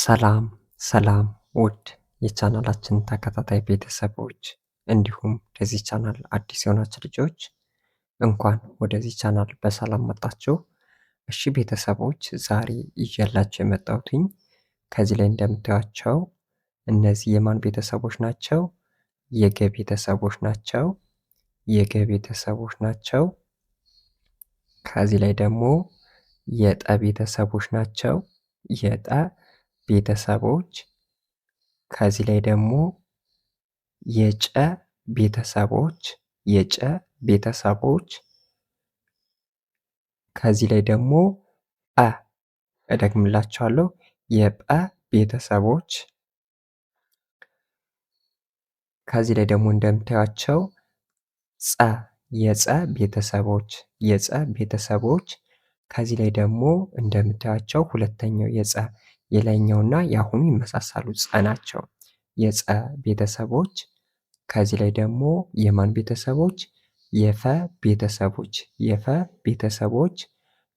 ሰላም ሰላም ውድ የቻናላችን ተከታታይ ቤተሰቦች እንዲሁም ለዚህ ቻናል አዲስ የሆናችሁ ልጆች እንኳን ወደዚህ ቻናል በሰላም መጣችሁ። እሺ ቤተሰቦች ዛሬ ይዤላችሁ የመጣሁትኝ ከዚህ ላይ እንደምታዩቸው እነዚህ የማን ቤተሰቦች ናቸው? የገ ቤተሰቦች ናቸው። የገ ቤተሰቦች ናቸው። ከዚህ ላይ ደግሞ የጠ ቤተሰቦች ናቸው። የጠ ቤተሰቦች ከዚህ ላይ ደግሞ የጨ ቤተሰቦች የጨ ቤተሰቦች ከዚህ ላይ ደግሞ አ እደግምላቸዋለሁ የጰ ቤተሰቦች ከዚህ ላይ ደግሞ እንደምታያቸው ጸ የጸ ቤተሰቦች የጸ ቤተሰቦች ከዚህ ላይ ደግሞ እንደምታያቸው ሁለተኛው የፀ የላይኛውና የአሁኑ ይመሳሳሉ ፀ ናቸው። የፀ ቤተሰቦች ከዚህ ላይ ደግሞ የማን ቤተሰቦች? የፈ ቤተሰቦች የፈ ቤተሰቦች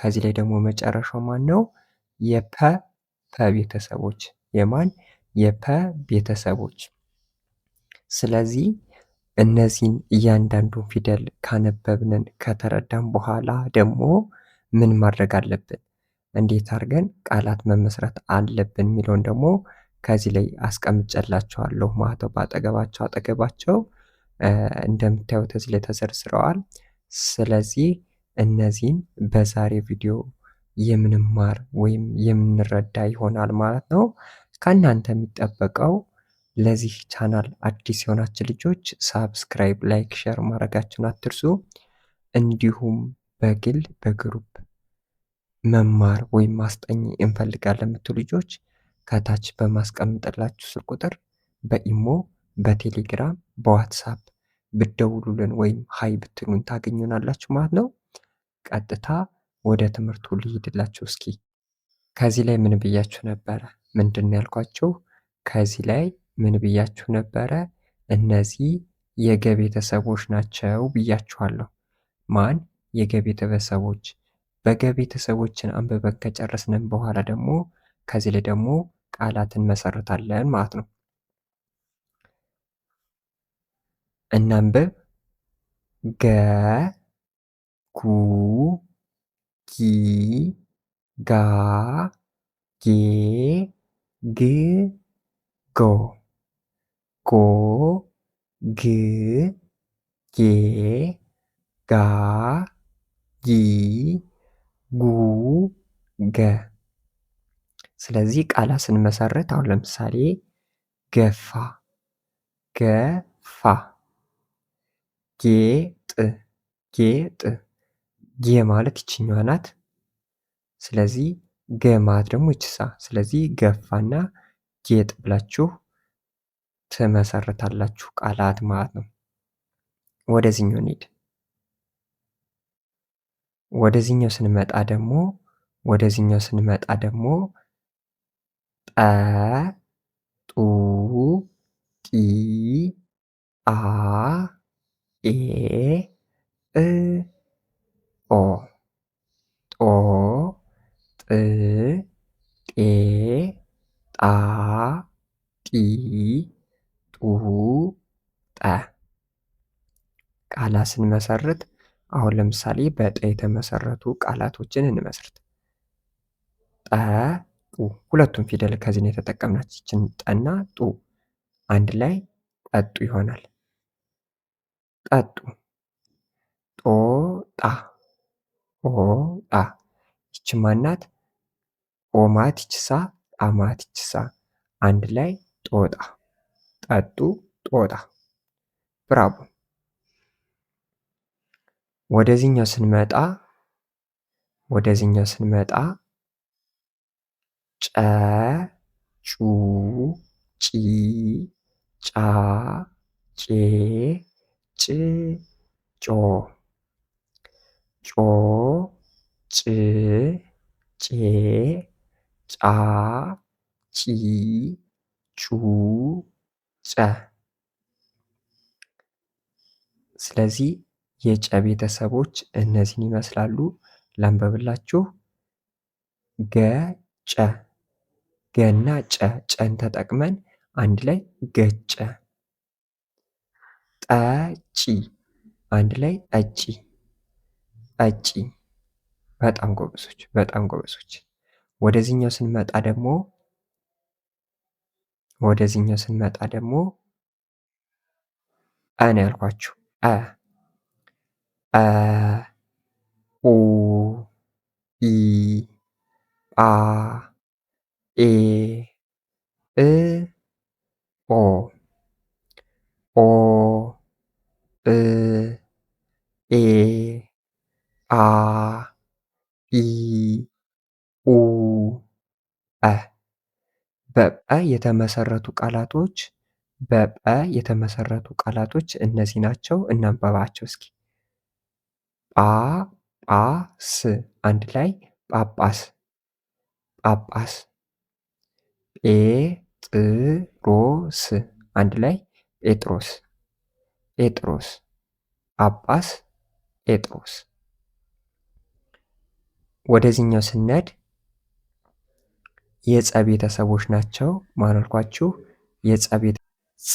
ከዚህ ላይ ደግሞ መጨረሻው ማን ነው? የፐ ፐ ቤተሰቦች የማን የፐ ቤተሰቦች። ስለዚህ እነዚህን እያንዳንዱን ፊደል ካነበብንን ከተረዳን በኋላ ደግሞ ምን ማድረግ አለብን እንዴት አድርገን ቃላት መመስረት አለብን የሚለውን ደግሞ ከዚህ ላይ አስቀምጨላቸዋለሁ ማለት በአጠገባቸው አጠገባቸው እንደምታዩት እዚህ ላይ ተዘርዝረዋል። ስለዚህ እነዚህን በዛሬ ቪዲዮ የምንማር ወይም የምንረዳ ይሆናል ማለት ነው። ከእናንተ የሚጠበቀው ለዚህ ቻናል አዲስ የሆናችሁ ልጆች ሳብስክራይብ፣ ላይክ፣ ሼር ማድረጋችሁን አትርሱ። እንዲሁም በግል በግሩፕ መማር ወይም ማስጠኝ እንፈልጋለን የምትሉ ልጆች ከታች በማስቀምጥላችሁ ስልክ ቁጥር በኢሞ በቴሌግራም በዋትሳፕ ብደውሉልን ወይም ሀይ ብትሉን ታገኙናላችሁ ማለት ነው። ቀጥታ ወደ ትምህርቱ ልሂድላችሁ። እስኪ ከዚህ ላይ ምን ብያችሁ ነበረ? ምንድን ያልኳችሁ ከዚህ ላይ ምን ብያችሁ ነበረ? እነዚህ የገ ቤተሰቦች ናቸው ብያችኋለሁ። ማን የገቢ በገቢ በገቤተሰቦችን አንብበን ከጨረስንን በኋላ ደግሞ ከዚህ ላይ ደግሞ ቃላትን መሰረታለን ማለት ነው። እናንብብ ገ ጉ ጊ ጋ ጌ ግ ጎ ጎ ግ ጌ ጋ ጊ ጉ ገ ስለዚህ ቃላት ስንመሰርት አሁን ለምሳሌ ገፋ ገፋ ጌጥ ጌጥ ጌ ማለት ይችኛዋ ናት። ስለዚህ ገ ማለት ደግሞ ይችሳ። ስለዚህ ገፋና ጌጥ ብላችሁ ትመሰርታላችሁ ቃላት ማለት ነው። ወደዚህኛው እንሂድ። ወደዚህኛው ስንመጣ ደግሞ ወደዚህኛው ስንመጣ ደግሞ ጠ ጡ ጢ አ ኤ እ ኦ ጦ ጥ ጤ ጣ ጢ ጡ ጠ ቃላት ስንመሰርት አሁን ለምሳሌ በጠ የተመሰረቱ ቃላቶችን እንመስርት። ጠጡ ሁለቱም ፊደል ከዚህ ነው የተጠቀምናት። ጠና ጡ አንድ ላይ ጠጡ ይሆናል። ጠጡ ጦጣ ጦጣ ይች ማናት? ኦማት ይችሳ ጣማት ይችሳ አንድ ላይ ጦጣ ጠጡ ጦጣ ብራቡን ወደዚህኛው ስንመጣ ወደዚህኛው ስንመጣ ጨ ጩ ጪ ጫ ጬ ጭ ጮ ጮ ጭ ጬ ጫ ጪ ጩ ጨ ስለዚህ የጨ ቤተሰቦች እነዚህን ይመስላሉ። ላንበብላችሁ። ገጨ ገና ጨ ጨን ተጠቅመን አንድ ላይ ገጨ። ጠጪ አንድ ላይ ጠጪ ጠጪ። በጣም ጎበሶች፣ በጣም ጎበሶች። ወደዚህኛው ስንመጣ ደግሞ ወደዚህኛው ስንመጣ ደግሞ አ ያልኳችሁ አ አ ኡ ኢ አ ኤ እ ኦ ኦ እ ኤ አ ኢ ኡ እ በጰ የተመሰረቱ ቃላቶች በጰ የተመሰረቱ ቃላቶች እነዚህ ናቸው። እናንብባቸው እስኪ ጳጳስ አንድ ላይ ጳጳስ ጳጳስ ጴጥሮስ አንድ ላይ ጴጥሮስ ጴጥሮስ ጳጳስ ጴጥሮስ። ወደዚህኛው ስነድ የጸ ቤተሰቦች ናቸው። ማኖልኳችሁ የጸ ቤተ ጸ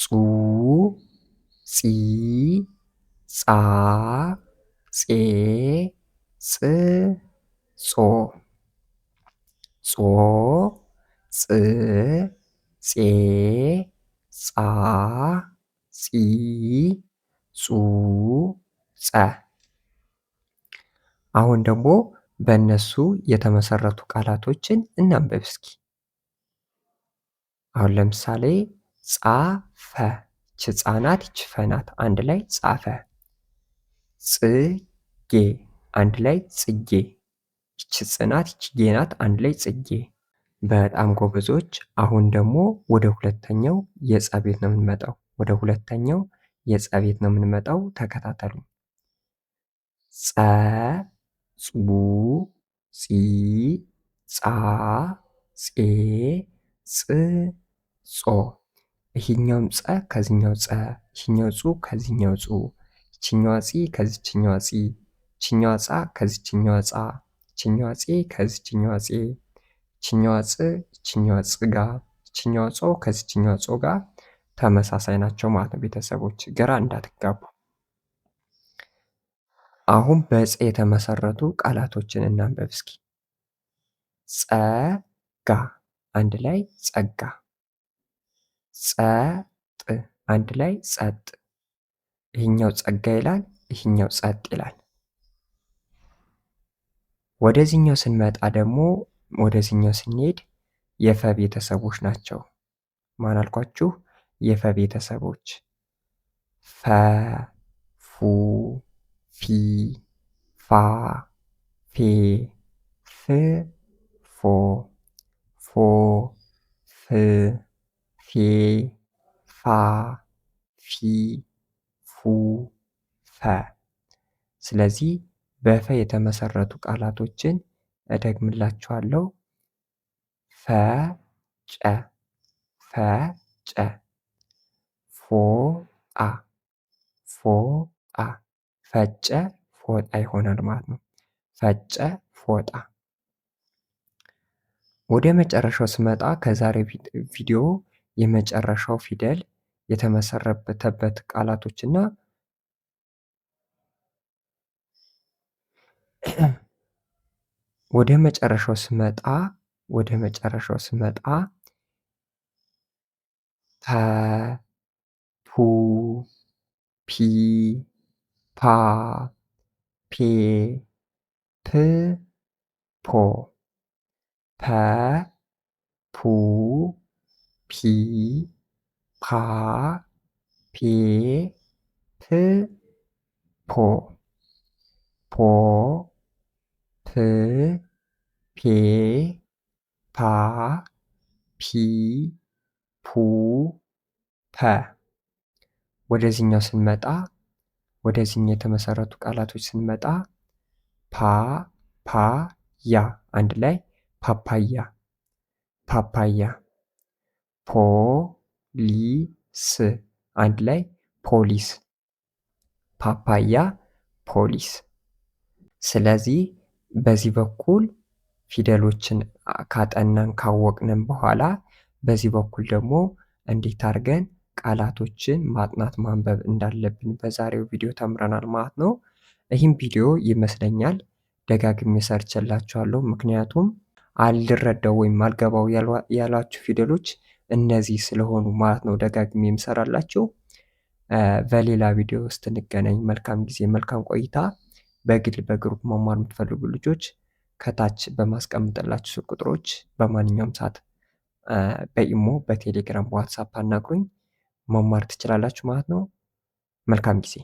ጹ ጺ ጻ ጽ ጾ ጾ ጻ ጺ ጹ ጸ አሁን ደግሞ በእነሱ የተመሰረቱ ቃላቶችን እናንብብ እስኪ። አሁን ለምሳሌ ጻፈች፣ ህጻናት ችፈናት አንድ ላይ ጻፈ ጽጌ አንድ ላይ ጽጌ። ይች ጽናት ይች ጌናት አንድ ላይ ጽጌ። በጣም ጎበዞች። አሁን ደግሞ ወደ ሁለተኛው የጸ ቤት ነው የምንመጣው። ወደ ሁለተኛው የጸ ቤት ነው የምንመጣው። ተከታተሉ። ጸ ጹ ጺ ጻ ጼ ጽ ጾ ይህኛውም ጸ ከዚኛው ጸ ይህኛው ጹ ከዚኛው ጹ ይችኛዋ ጺ ከዚችኛዋ ጺ ይችኛዋ ጻ ከዚችኛዋ ጻ ይችኛዋ ጺ ከዚችኛዋ ጺ ይችኛዋ ጽ ይችኛዋ ጽ ጋ ይችኛዋ ጾ ከዚችኛዋ ጾ ጋ ተመሳሳይ ናቸው ማለት ነው። ቤተሰቦች ግራ እንዳትጋቡ። አሁን በፀ የተመሰረቱ ቃላቶችን እናንበብ እስኪ። ጸጋ አንድ ላይ ጸጋ፣ ጸጥ አንድ ላይ ጸጥ ይህኛው ጸጋ ይላል፣ ይህኛው ጸጥ ይላል። ወደዚህኛው ስንመጣ ደግሞ ወደዚህኛው ስንሄድ የፈ ቤተሰቦች ናቸው። ማን አልኳችሁ? የፈ ቤተሰቦች ፈ፣ ፉ፣ ፊ፣ ፋ፣ ፌ፣ ፍ፣ ፎ፣ ፎ፣ ፍ፣ ፌ፣ ፋ፣ ፊ ፉ፣ ፈ። ስለዚህ በፈ የተመሰረቱ ቃላቶችን እደግምላችኋለሁ። ፈ ጨ፣ ፈ ጨ፣ ፎ አ ፎ አ ፈጨ ፎጣ ይሆናል ማለት ነው። ፈጨ ፎጣ። ወደ መጨረሻው ስመጣ ከዛሬ ቪዲዮ የመጨረሻው ፊደል የተመሰረተበት ቃላቶች እና ወደ መጨረሻው ስመጣ ወደ መጨረሻው ስመጣ ተ ፑ ፒ ፓ ፔ ፕ ፖ ፐ ፑ ፒ ผาผีพืโผโผผือผีผาผี ፑ ፐ ወደዚህኛው ስንመጣ ወደዚህኛው የተመሰረቱ ቃላቶች ስንመጣ ፓ ፓ ያ አንድ ላይ ፓፓያ ፓፓያ ፖ ሊስ አንድ ላይ ፖሊስ ፓፓያ ፖሊስ ስለዚህ በዚህ በኩል ፊደሎችን ካጠናን ካወቅንን በኋላ በዚህ በኩል ደግሞ እንዴት አድርገን ቃላቶችን ማጥናት ማንበብ እንዳለብን በዛሬው ቪዲዮ ተምረናል ማለት ነው። ይህም ቪዲዮ ይመስለኛል ደጋግሜ ሰርችላችኋለሁ። ምክንያቱም አልረዳው ወይም አልገባው ያሏችሁ ፊደሎች እነዚህ ስለሆኑ ማለት ነው ደጋግሜ የምሰራላችሁ። በሌላ ቪዲዮ ውስጥ እንገናኝ። መልካም ጊዜ፣ መልካም ቆይታ። በግል በግሩፕ መማር የምትፈልጉ ልጆች ከታች በማስቀምጥላችሁ ስልክ ቁጥሮች በማንኛውም ሰዓት በኢሞ፣ በቴሌግራም፣ በዋትሳፕ አናግሩኝ። መማር ትችላላችሁ ማለት ነው። መልካም ጊዜ